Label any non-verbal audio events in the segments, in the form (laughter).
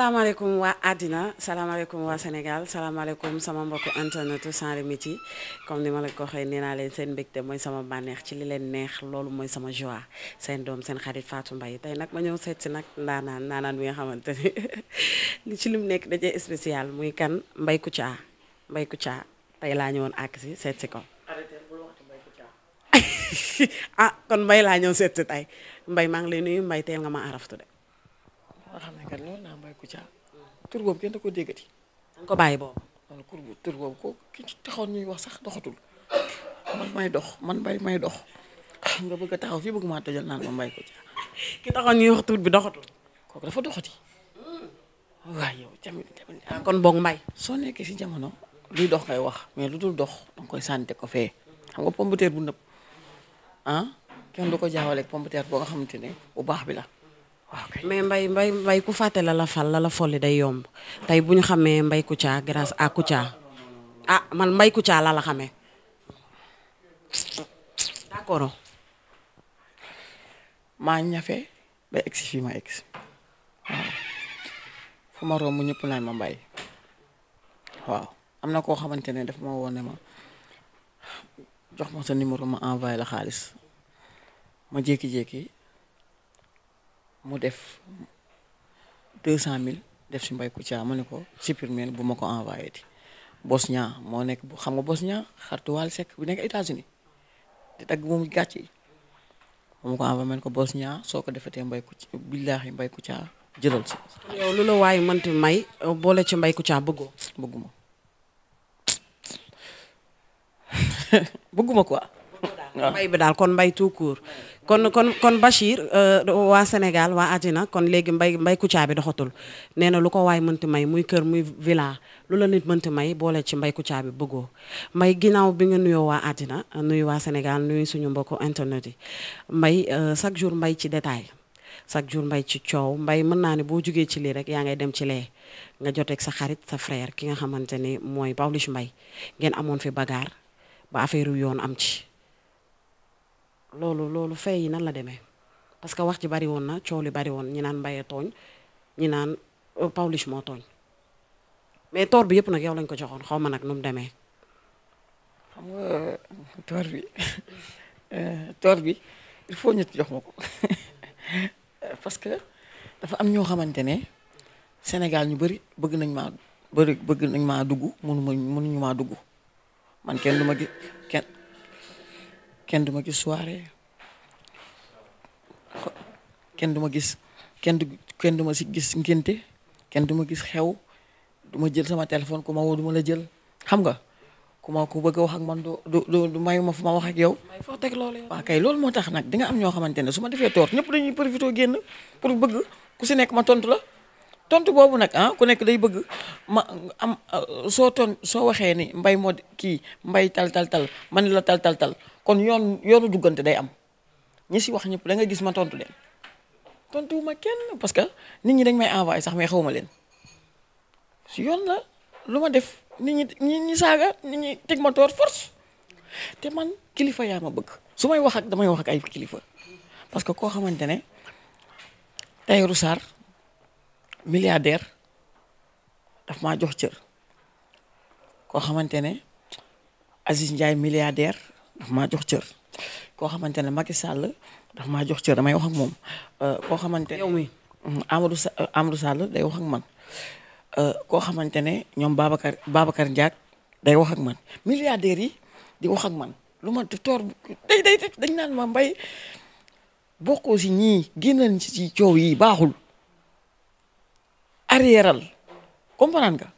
salaamaaleykum waa àddina salaamaaleykum waa Sénégal salaamaaleykum sama mbokku internetu sans limites yi comme ni ma la ko waxee nee naa leen seen mbégte mooy sama bànneex ci li leen neex loolu mooy sama joie seen doom seen xarit Fatou Mbaye tey nag ma ñëw seet si nag ndaanaan ndaanaan bi nga xamante ni li (laughs) ci lim nekk dajee spécial muy kan Mbaye Kouthia Mbaye Kouthia tey laa ñëwoon àgg si seet si ko. (laughs) ah kon mbay laa ñëw seet si tey Mbaye maa ngi lay nuyu Mbaye teel nga ma araftu de. xam ne kat loolu naa Mbaye Kouthia tur boobu kenn da koo déggati. da ko bàyyi boobu. man kur bu tur boobu ko ki ci taxoon ñuy wax sax doxatul man may dox man mbay may dox xam nga bëgg a taxaw fii bëgg maa tojal naan ma Mbaye Kouthia ki taxoon ñuy wax tur bi doxatul. kooku dafa doxati. waaw yow tamit tamit ah. kon boog mbay soo nekkee si jamono luy dox ngay wax mais lu dul dox danga koy sànte ko fee xam nga pomme de bu nëb ah kenn du ko jaawaleeg pomme de boo nga xamante ne bu baax bi la mais mbay mbay mbay ku fàtte la la fal la la day yomb tey bu ñu xamee mbay Kouthia grâce à Kouthia ah man mbay Kouthia la la xamee d'accord maa ñafe ba egsi fii ma egsi fu ma romb ñëpp naan ma mbay waaw am na koo xamante ne daf ma woon ma jox ma sa numéro ma envoyé la xaalis ma jékki-jékki mu def deux cent mille def si Mbaye Kouthia ma ne ko supprimer bu ma ko envoyé ti Bosnia moo nekk xam nga Bosnia xaritu Wally Seck bu nekk États-Unis di dagg moomu gàcce yi mu ko envoyé man ko ñaa soo ko defatee Mbaye Kouthia billaahi Mbaye Kouthia jëlal si. yow lu la waaye mënti may boole ci Mbaye Kouthia bëggoo. bëgguma (laughs) bëgguma quoi. mbay bi daal kon mbay tout court kon kon kon Bachir euh, waa Sénégal waa àddina kon léegi mbay mbay bi doxatul nee na lu ko waay mënti may muy kër muy villa lu la nit mënti may boole ci mbay Kouthia bëggoo mbay ginnaaw bi nga nuyoo waa àddina nuy waa Sénégal nuyu suñu mbokku internet yi mbay euh, chaque jour mbay ci détail chaque jour mbay ci coow mbay mën naa ne boo jugee ci lii rek yaa ngay dem ci lee nga joteeg sa xarit sa frère ki nga xamante ni mooy Pawlish mbay ngeen amoon fi bagaar ba affaire yu yoon am ci loolu loolu fay yi nan la demee parce que wax ci bari woon na coow li bari woon ñi naan mbayee tooñ ñi naan euh, Pawlish moo tooñ mais toor bi yëpp nag yow lañ ko joxoon xaw ma nag nu demee. xam nga euh, toor bi (laughs) euh, bi il faut ñu jox ma ko (laughs) parce que dafa am ñoo xamante ne Sénégal ñu bëri bëgg nañ maa bëri bëgg nañ maa dugg mënu ma mënuñu maa dugg man kenn du ma kenn du ma gis soirée kenn du ma gis kenn du kenn du ma si gis ngénte kenn du ma gis xew duma jël sama téléphone ku ma woo du ma la jël xam nga ku ma ku bëgg a wax ak man du du du mayu ma fu ma wax ak yow. may foo teg loolu waaw kay loolu moo tax nag di nga am ñoo xamante ne su ma defee toor ñëpp dañuy profité génn pour bëgg ku si nekk ma tontu la. tontu boobu nag ah ku nekk day bëgg ma am ah, soo ton soo waxee ni mbay moo kii mbay tal tal tal man la tal tal tal kon yoon yoonu duggante day am ñi si wax ñëpp da nga gis ma tontu leen tontuwuma kenn parce que nit ñi dañ may envoyé sax mais xaw ma leen si yoon la lu ma def nit ñi nit ñi saaga nit ñi teg ma force te man kilifa yaa ma bëgg su may wax ak damay wax ak ay kilifa parce que koo xamante ne Tahirou Sarr milliardaire daf maa jox cër koo xamante ne Aziz Ndiaye milliardaire daf maa jox cër koo xamante ne Macky Sall daf maa jox cër damay wax ak moom euh, koo xamante ne mm, Amadou euh, Amadou Sall day wax man euh, koo xamante ne ñoom Babacar Babacar Ndiak day wax ak man milliardaires yi di wax ak man lu ma toor day day dañ naan ma mbay bokkoo si ñii génnal si coow yi baaxul arriéral comprendre nga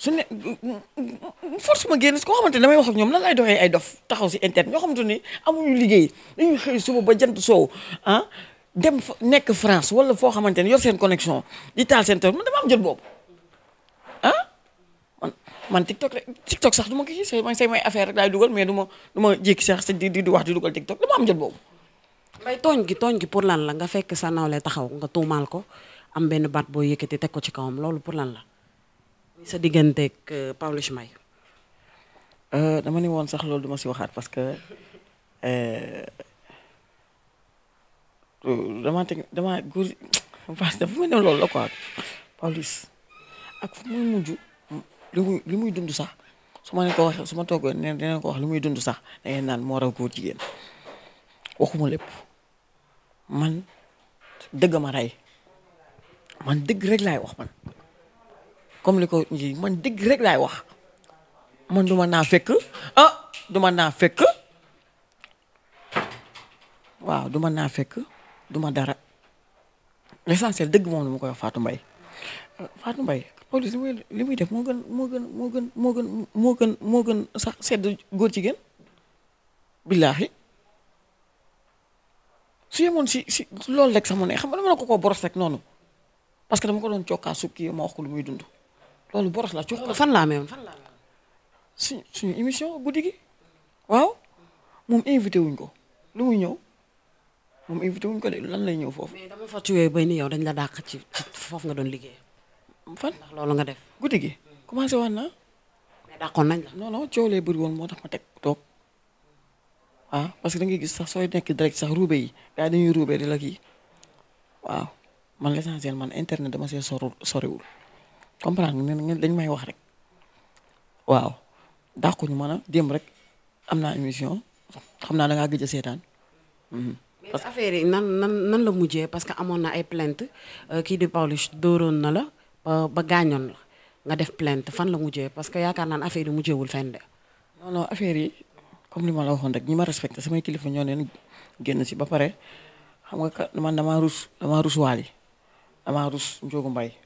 su ne force ma génn su ko xamante damay wax ak ñoom nan laay doxee ay dof taxaw si internet ñoo xamante ni amuñu liggéey dañuy xëy suba ba jant soow ah dem fa nekk France wala foo xamante ne yor seen connexion di taal seen téléphone man dama am jot boobu ah man man TikTok rek ma kii say say may affaire rek laay dugal du ma ma jékki sax di di wax di dugal TikTok dama am boobu. mbay tooñ gi tooñ gi pour lan la nga fekk sa nawle taxaw nga tuumaal ko am benn baat boo yëkkati teg ko ci kawam loolu pour lan la. sa digganteeg euh, Pawlish euh, Mbaye dama ne woon sax loolu duma si waxaat parce que euh, dama teg dama góor parce que dafa mel ne loolu la quoi Pawlish ak fu muy mujj li muy li muy dund sax su ma ne ko waxee su ma toogee ne dina ko wax li muy dund sax da naan moo raw góor jigéen waxuma lépp man dëgg ma rey man dëgg rek laay wax man comme li ko ji man dégg rek laay wax man du ma naa fekk ah du naa fekk waaw du ma naa fekk du ma dara l'essentiel dëgg moom la mu koy wax Fatou Mbaye Fatou Mbaye li muy def moo gën moo gën moo gën moo gën moo gën moo gën sax sedd góor jigéen billaahi su yemoon si si loolu rek sax mu ne xam nga dama na ko koo boros rek noonu parce que dama ko doon cokkaa sukki ma wax ko lu muy dund loolu boros la ci fan laa meewoon fan laa meewoon suñ suñu émission guddi gi waaw moom invité wuñ ko lu muy ñëw moom invité wuñ ko de lan lay ñëw foofu. mais dama fàttali yooyu bay ni yow dañ la dàq ci ci foofu nga doon liggéey. fan ndax loolu nga def. guddi gi commencé waan naa. mais dàqoon nañ la. non non coow lee bëri woon moo tax ma teg toog waaw ah, parce que da ngay gis sax sooy nekk direct sax ruube yi gars yi dañuy ruube di la kii waaw man l'essentiel man internet dama see soriwul. comprendre nga ne dañ may wax rek waaw dàq ko ñu mën a démb rek am naa émission xam naa da ngaa a seetaan. Mhm. mais affaire yi nan nan nan la mujjee parce que amoon na ay plainte euh, kii di Pawlish dóoroon na la ba gaañoon la nga def plainte fan la mujjee parce que yaakaar naan ne affaire yi mujjeewul fenn de. non affaire yi comme li ma la waxoon rek ñi ma samay kilifa ñoo neen génn si ba pare xam nga man damaa rus damaa rus waali damaa rus Ndiogou Mbaye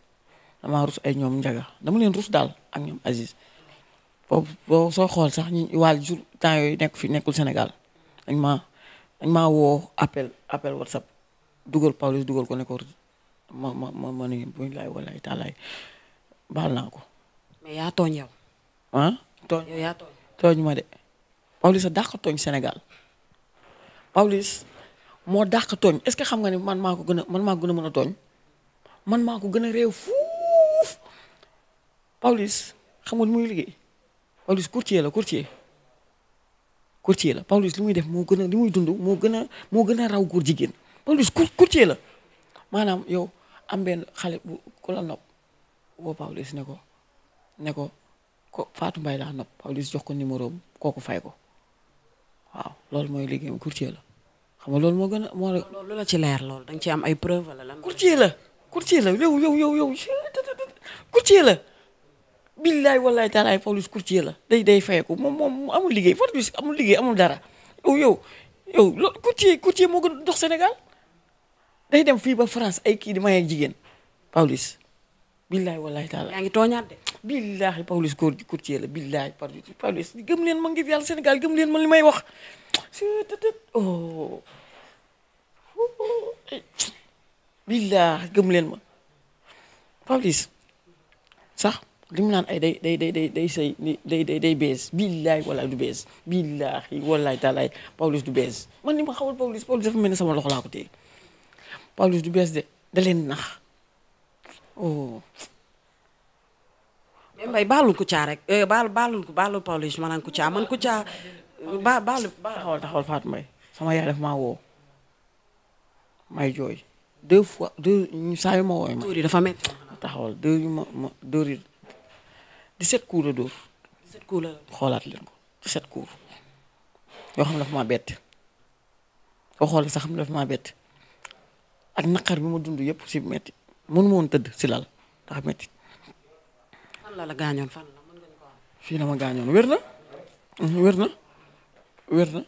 damaa rus ay ñoom njaga dama leen rus daal ak ñoom Aziz boobu boo soo xool sax ñu waal jour temps yooyu nekk fi nekkul Sénégal dañ maa dañ maa woo appel appel WhatsApp dugal Pawlish dugal ko ne ko ma ma ma ma ne buñ laay taalaay baal naa ko. mais yaa tooñ yow. ah tooñ yow yaa tooñ. tooñ ma de Pawlish a dàq tooñ Sénégal Pawlish moo dàq tooñ est-ce que xam nga ne man maa ko gën a man maa ko gën a mën a tooñ man maa ko gën a réew fu Pawlish xam nga lu muy liggéey Pawlish courtier la courtier courtier la Pawlish lu muy def moo gën a li muy dund moo gën a moo gën a raw góor jigéen Pawlish courtier la maanaam yow am benn xale bu ku la nopp woo Pawlish ne ko ne ko ko Fatou Mbaye laa nopp Pawlish jox ko numéro kooku fay ko waaw loolu mooy liggéey courtier la xam nga loolu moo gën a moo loolu la ci leer loolu da nga am ay preuve la. courtier la courtier la yow yow yow yow courtier la. billaay wallaay taala ay Pawlish courtier la day day fayeku moom moom amul liggéey Pawlish amul liggéey amul dara yow yow yow loolu courtier courtier moo gën dox Sénégal day dem fii ba France ay kii di may ak jigéen Pawlish billaay wallaay taala yaa ngi tooñaat de billaay Pawlish góor gi courtier la billaay Pawlish gëm leen ma ngir yàlla Sénégal gëm leen ma li may wax oh billaay gëm leen ma Pawlish sax li mu naan ay day day day day day say day day day bees billaay walaay du bees billaahi walaay taalaay Pawlish du bees man ni ma xawal Pawlish Pawlish dafa mel ne sama ko téye Pawlish du bees de da leen nax oh. mais Mbaye baalul Kouthia rek eh, baal baalul baalul Pawlish maanaam Kouthia man Kouthia ba baalu. taxawal taxawal Fatou Mbaye sama yaay daf maa woo may jooy deux fois deux saa yu ma wooyee ma. dóor yi dafa métti. taxawal deux yu ma ma 17 coups la dóor. la xoolaat leen ko 17 coups yoo xam ne dafa maa bett boo xool sax xam ne dafa maa bett ak naqar bi ma dund yëpp si metti mënu ma woon tëdd si lal ndax metti la la gaañoon fii la ma gaañoon wér na. Mhm, wér na wér na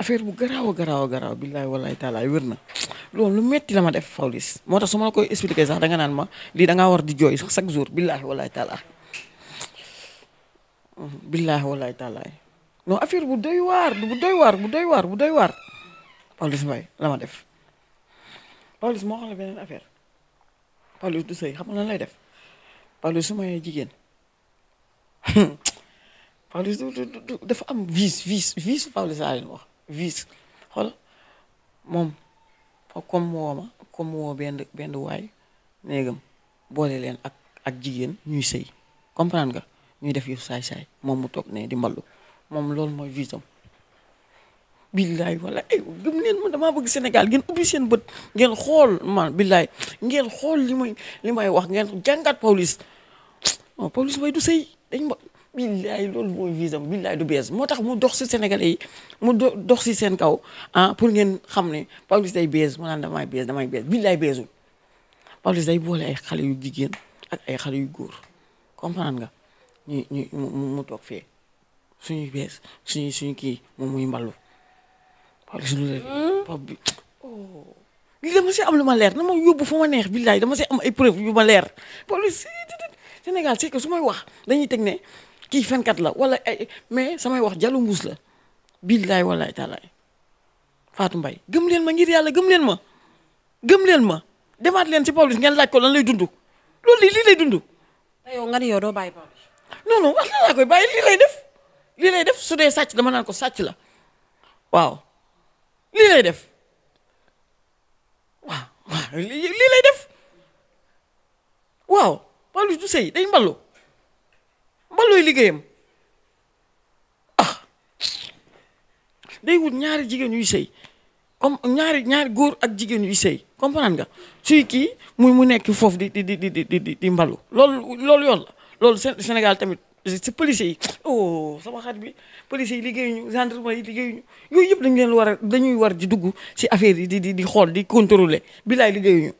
affaire bu garaaw a garaaw a garaaw billaay wallaay taalaay wér na loolu metti la ma def Pawlish moo tax su ma la koy expliquer sax danga naan ma lii danga war di jooy sax chaque jour billaay wallaay taalaay. billaahi walaay taalaay non affaire bu doy waar bu doy waar bu doy waar bu doy waar Pawlish Mbaye la def Pawlish moo xam ne beneen affaire Pawlish du sëy xam nga lan lay def Pawlish su mayee jigéen (laughs) Pawlish du dafa am vice vice vice Pawlish laa leen wax vice xool moom comme woo ma comme woo benn benn waay néegam boole leen ak ak jigéen ñuy sëy comprendre nga ñuy def yu saay-saay moom mu toog ne di mballu moom loolu mooy visam billaay wala ay eh, gëm leen man damaa bëgg Sénégal ngeen ubbi seen bët ngeen xool man billaay ngeen xool li may li may wax ngeen jàngat police non police way du sëy dañ ma billaay loolu mooy visam billaay du bees moo tax mu dox si Sénégalais yi mu dox si seen kaw ah pour ngeen xam ne police day bees mu naan damay bees damay bees billaay beesu police day boole ay xale yu jigéen ak ay xale yu góor comprendre nga. ñu ñu mu toog fee suñuy bees suñu suñu kii moom muy mballu Pawlish suñu la Pape bi oh. lii dama si am lu ma leer na ma yóbbu fu ma neex billaay dama si am ay preuve yu ma leer Pawlish Sénégal c'est que su may wax dañuy teg ne kii fenkat la wala ay mais samay wax jalu mbuus la billaay walaay taalaay faatu Mbaye gëm leen ma ngir yàlla gëm leen ma gëm leen ma demaat leen si Pawlish ngeen laaj ko lan lay dund loolu lii lay dund. non non wax laa koy bàyyi lii lay def lii lay def su dee sàcc dama naan ko sàcc la waaw lii lay def waaw waaw lii lay def waaw wàllu du sëy day mballu mballooy liggéeyam ah day wut ñaari jigéen yuy sëy comme ñaari ñaari góor ak jigéen yuy sëy comprendre nga suy kii muy mu nekk foofu di di di di di di mballu loolu loolu yoon la loolu Sénégal tamit si policiers yi oh sama xarit bi policiers yi liggéeyuñu gendarmerie yi liggéeyuñu yooyu yëpp dañu leen war a dañuy war di dugg si affaire yi di di di xool di contrôler bilaay liggéeyuñu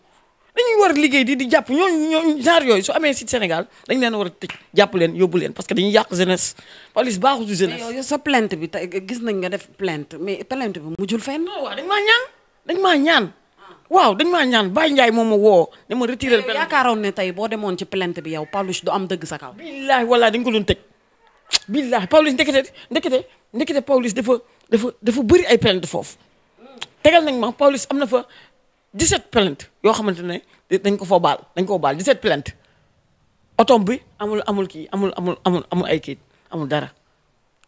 dañuy war liggéey di di jàpp ñoo ñooñu genre yooyu su amee si Sénégal dañ leen war a jàpp leen yóbbu leen parce que dañuy yàq jeunesse police baaxul si jeunesse. mais yow sa plainte bi tey gis nañ nga def plainte mais plainte bi mujjul fenn. waaw dañ maa ñaan dañ maa ñaan. waaw dañ maa ñaan Baye Ndiaye moom ma woo ne ma retiré plainte eh, yaakaaroon ne tey boo demoon ci plainte bi yow Pawlish du am dëgg sa kaw billaahi wallaahi dañ ko doon tëj billaahi Pawlish ndekete ndekete dafa dafa dafa bëri ay plainte foofu tegal nañ ma Pawlish am na fa 17 plainte yoo xamante ne dañ ko foo baal dañ koo baal 17 plainte otom bi amul amul kii amul amul amul amul ay kii amul dara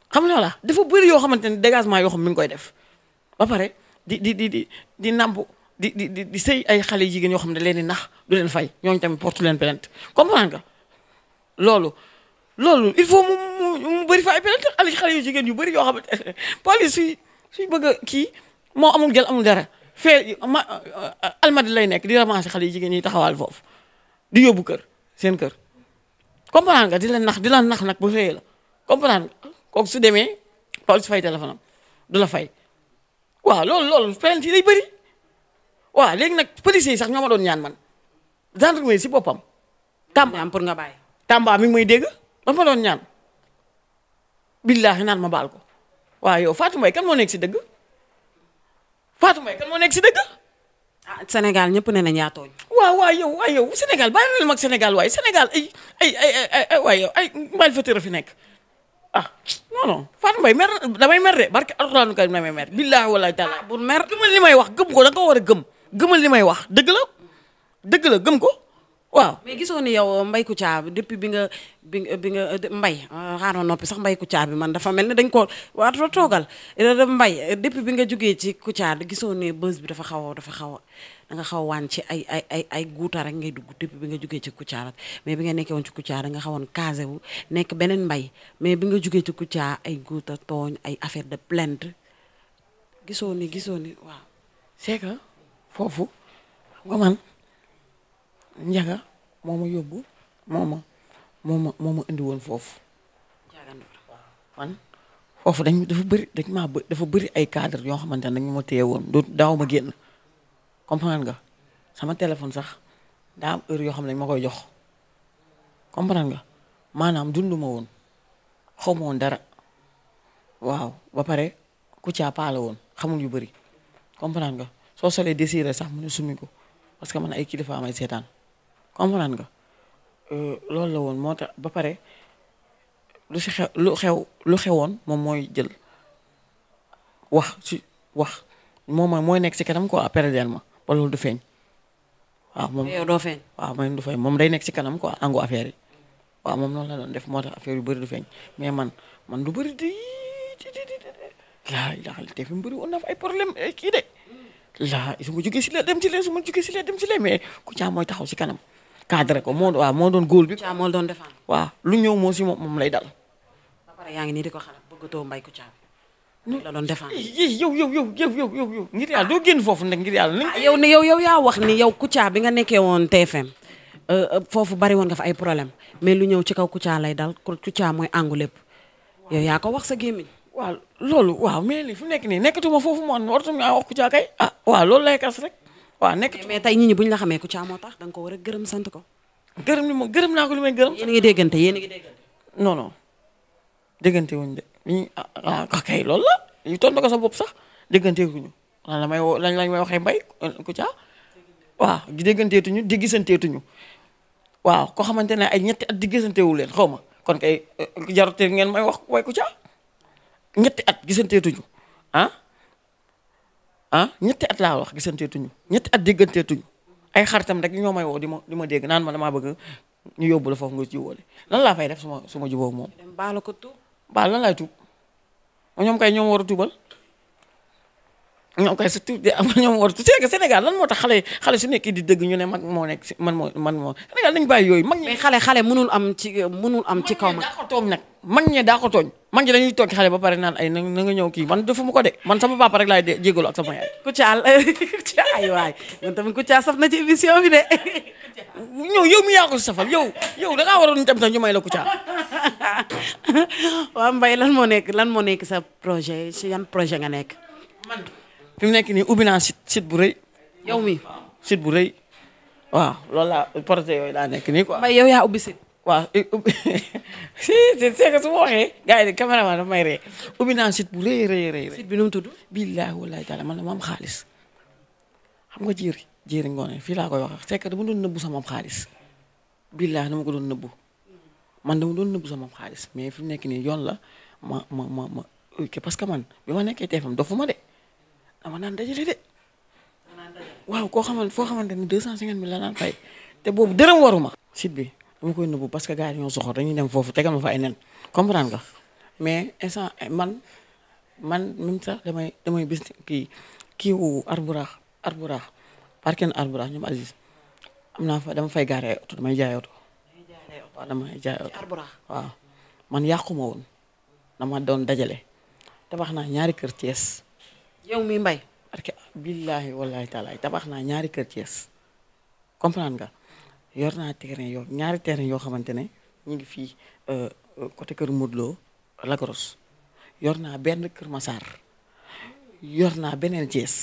xam nga la dafa bëri yoo xamante ne dégagement yoo xam mi ngi koy def ba pare di di di di di namp di di di di sëy ay xale jigéen yoo xam ne leen di nax du leen fay ñooñu tamit porte leen plainte comprendre nga loolu loolu il faut mu mu bëri fa ay plainte xale yu jigéen yu bëri yoo xam ne (laughs) police suy suy bëgg kii moo amul jël amul dara fee ma almadi lay nekk di ramasser xale yu jigéen ñi taxawal foofu di yóbbu kër seen kër comprendre nga di la nax di la nax nag bu feyee la comprendre nga kooku su demee police fay téléphone am du la fay waaw loolu loolu plainte yi day bëri. waaw léegi nag policiers yi sax ñoo ma doon ñaan man gendarmerie si boppam. Tamba am pour nga bàyyi. Tamba mi ngi may dégg dafa ma doon ñaan. billaahi naan ma baal ko waaw yow Fatou Mbaye kan moo nekk si dëgg Fatou Mbaye kan moo nekk si dëgg. senegal ah, Sénégal ñëpp ne na yaa tooñ. waaw waaw yow waaw yow Sénégal bàyyi na leen mag Sénégal waaye Sénégal ay ay ay ay waay yow ay mbaal fa fi nekk. ah non non Fatou Mbaye mer damay mer de barke alxuraanu karim damay mer billaahi wallaahi taala ah, bu mer li may wax gëm ko da nga ko war a gëm. gëmal li may wax dëgg la dëgg la gëm ko waaw. mais gisoo ni yow Mbaye Kouthia depuis bi nga bi bi nga Mbaye xaaral ah, noppi sax Mbaye Kouthia bi man dafa mel ne dañ ko waa toogal eh, mbay eh, depuis bi nga jugee ci Kouthia gisoo ne bës bi dafa xaw a dafa xaw a da xaw waan ci ay ay ay ay guuta rek ngay dugg depuis bi nga jugee ci Kouthia mais bi nga nekkee woon ci Kouthia da nga xawoon casé wu nekk beneen Mbaye mais bi nga jugee ci Kouthia ay guuta tooñ ay affaire de plainte gisoo ni gisoo ni waaw c'est foofu ba man njaga moo ma yóbbu moom ma moo ma moo indi woon foofu man foofu dañ dafa bëri dañ maa dafa bëri ay cadre yoo xamante ne dañu ma téye woon du daaw ma génn comprendre ga sama téléphone sax daa am heure yoo xam ne dañ koy jox comprendre ga maanaam dundu woon xaw dara waaw ba pare ku caa woon xamul yu bëri comprendre soo solee désiré sax mu ne summi ko parce que man ay kilifa may seetaan comprendre nga euh, loolu la woon moo tax ba pare lu si xew lu xew lu xewoon moom mooy jël wax si wax moom mooy nekk si kanam ko périodiquement ba loolu du feeñ. waaw moom yow doo feeñ. waaw man du feeñ moom day nekk si kanam quoi angu affaire yi waaw moom noonu la doon def moo tax affaire yu bëri du feeñ mais man man du bëri di di di di laa ilaha illallah te fi mu bëri woon na fa ay problème kii de. laa su ma jugee si lee dem ci lee su ma jugee si lee dem ci lee mais Kouthia mooy taxaw si kanam cadre ko moo moo doon góol bi. Kouthia moo doon defaan. waaw lu ñëw moo si moom moom lay dal. ba pare yaa ngi nii di ko xalaat bëggatoo mbay Kouthia. la doon defaan yow yow yow yow yow yow yow ngir yàlla ah. doo génn foofu nag ngir yàlla. ah yow ne yow yow yaa wax ni yow Kouthia bi nga nekkee woon TFM. Euh, euh, foofu bari woon nga ay problème mais lu ñëw ci kaw Kouthia lay dal Kouthia mooy àngu lépp yow yaa ko wax sa gémmiñ waaw loolu waaw mais li fu nekk nii nekkatuma foofu moom waratuñu wax Kouthia kay ah waaw loolu lay kas rek waaw nekk mais tey nit ñi bu ñu la xamee Kouthia moo tax da ko war a gërëm sant ko gërëm ni ma gërëm naa ko li may gërëm yéen a ngi déggante yéen a ngi déggante déggante wuñu de ñu ah, ah kay loolu la ñu toon ko sa bopp sax déggante wuñu may lañ lañ may waxee mbay Kouthia waaw dégganteetuñu di gisanteetuñu waaw ko xamante ne ay ñetti at di gisanteewu leen xaw ma kon kay te ngeen may wax way Kouthia ñetti at gisanteetuñu ah ah ñetti at laa wax gisanteetuñu ñetti at dégganteetuñu ay xaritam rek ñoo may woo di ma di ma dégg naan ma damaa bëgg ñu yóbbu la foofu nga jiwóole lan laa fay def suma suma jubóog moom. baal ko tuub baal lan laay tuub ñoom kay ñoom war a tuubal ñoom kay surtout (laughs) ñoom war a tuub senegal lan moo tax xale xale su nekkee di dëgg ñu ne mag moo nekk si man moo man moo Sénégal nañu yooyu. mag ñi mais xale xale mënul am ci mënul am. ci kaw ma mag nag mag ñee daa ko tooñ. man ji dañuy toog xale ba pare naan ay na nga ñëw kii man defu ma de man sama papa rek laay de jégalu ak sama yaay. Kouthia (laughs) Kouthia ay waay man tamit Kouthia saf na ci émission bi de. (laughs) ñëw yow mi yaa ko safal yow yow da ngaa waroon dem sax ñu may la Kouthia. (laughs) waaw Mbaye lan moo nekk lan moo nekk sa projet si yan projet nga nekk. man fi mu nekk nii ubbi naa bu rëy. yow mi site bu rëy. waaw loolu laa projet yooyu laa nekk nii ko Mbaye yow yaa ubbi waaw (laughs) si si c'est que su ma waxee yi de caméraman may ree ubbi naa site bu rëy bi nu mu tudd. billaahi wallaahi taala man la ma am xaalis xam nga jéeri jéeri ngoone fii laa koy wax c'est que dama doon nëbbu sama xaalis billaahi dama ko doon nëbbu man dama doon nëbbu sama xaalis mais fi mu nekk nii yoon la ma ma ma ma parce que man bi ma nekkee TFM dofuma de dama naan dajale de. waaw koo xamante foo xamante ni 250 000 la naan fay te boobu dërëm waruma. site bi. dama koy nëbbu parce que gars yi ñoo soxor dañuy dem foofu tegal ma fa ay nen comprendre nga mais instant eh, man man même sax damay damay bis kii kii wu Arbouraax Arbouraax parking Arbouraax ñoom Aziz am naa fa dama fay gaare ay oto damay jaay oto waaw damay man yàquma woon dama doon dajale tabax naa ñaari kër Thiès. yow mi mbay parce que billaahi wallaahi tabax naa ñaari kër Thiès comprendre nga. yor naa terrain yoo ñaari terrain yoo xamante ne ñu ngi fii euh, euh, côté kër Modou Lagros yor naa benn Kër Massar yor naa beneen Thiès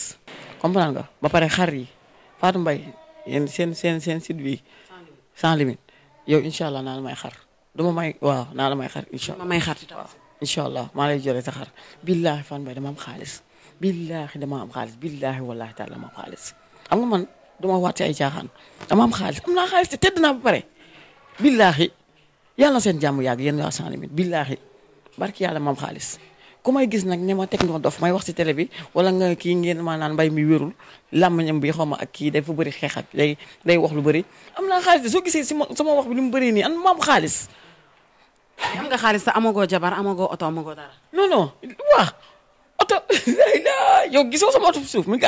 comprendre ba pare xar yi Fatou mbay seen seen seen site bi sans limite yow incha allah naa la may xar du ma may waaw naa la may xar incha allah may xar incha allah maa lay jëlee sa xar billaahi Fatou Mbaye dama xaalis billaahi dama xaalis am nga man. duma waat ci ay caaxaan dama am xaalis am naa xaalis te tedd naa ba pare. billaahi yàlla na seen jàmm yàgg yéen waa 100 limites billaahi barki yàlla ma xaalis ku may gis nag ne ma teg nga dof may wax si télé bi wala nga kii ngeen maa naan mbay mi wérul làmmiñam bi xaw ma ak kii day fa bëri xeex ak day day wax lu bëri. am naa xaalis de gisee si ma sama wax bi li mu bëree nii an ma am xaalis. am nga xaalis te amagoo jabar amagoo oto amagoo dara. non (laughs) yow gisoo sama oto suuf mi ngi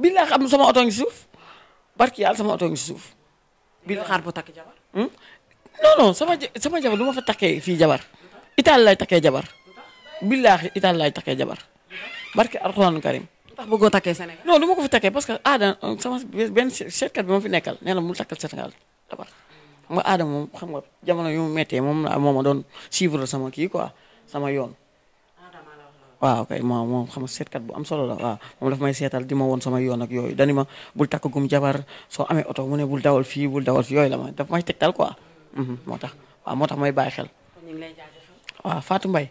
billaa xam sama oto ngi suuf barki yàlla sama oto ngi suuf. billaa xaar bu takk jabar. Hmm? non non sama sama jabar du ma fa takkee fii jabar. itaali lay takkee jabar. billaahi itaali lay takkee jabar. barki alxuraan karim. ndax bëggoo takkee Sénégal. non du ma ko fi takkee parce que aada sama benn seetkat bi ma fi nekkal nee na mu takkal Sénégal jabar xam nga aada moom xam nga jamono yu mu méttee moom la moo ma doon suivre sama kii quoi sama yoon. waaw kay moom xam nga seetkat bu am solo la waaw moom daf may seetal di ma woon sama yoon ak yooyu dani ma bul takk gum jabar soo amee oto mu ne bul dawal fii bul dawal fii yooyu la ma daf may tegtal quoi mhm, moo tax moo tax may bàyyi xel waaw Fatou Mbaye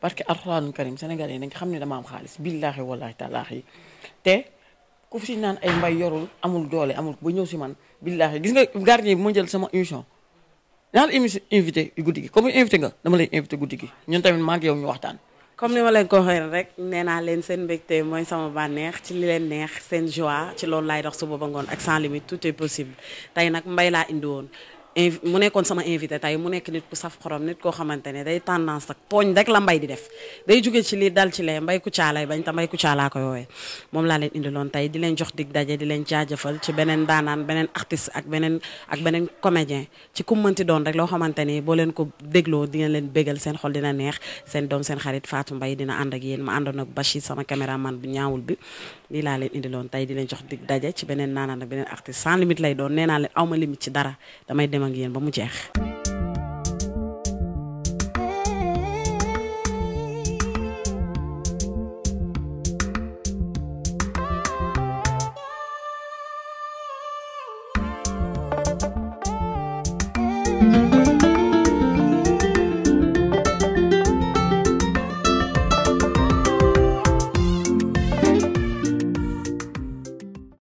parce que alxuraanul karim sénégalais yi nañ xam ne dama am xaalis billaahi wallaahi taalaahi te ku fi si naan ay mbay yorul amul doole amul ba ñëw si man billaahi gis nga gardien bi ma jël sama émission naan émission invité guddi gi comme invité nga dama lay invité guddi gi ñun tamit maa ngi yow ñu waxtaan comme ni ma leen ko waxee rek nee naa leen seen mbégte mooy sama bànneex ci li leen neex seen joie ci loolu laay dox suba ba ak sans limite tout est possible tey nag mbay laa indi woon invi mu nekkoon sama invité tey mu nekk nit ku saf xorom nit koo xamante ne day tendance ak tooñ rek la mbay di def day jóge ci lii dal ci lee mbay ku caalay bañ ta mbay ku caalaa koy woowee moom laa leen indiloon tey di leen jox dig daje di leen jaajafal ci beneen daanaan beneen artiste ak beneen ak beneen comédien ci ku mënti doon rek loo xamante ni boo leen ko dégloo di ngeen leen bégal seen xol dina neex seen doom seen xarit faatu mbay dina ànd ak yéen ma àndoon ak Bachir sama caméraman bu ñaawul bi lii laa leen indiloon tey di leen jox dig daje ci beneen naanaan ak beneen artiste sans limite lay doon nee naa leen awma limite ci dara damay dem ak yéen ba mu jeex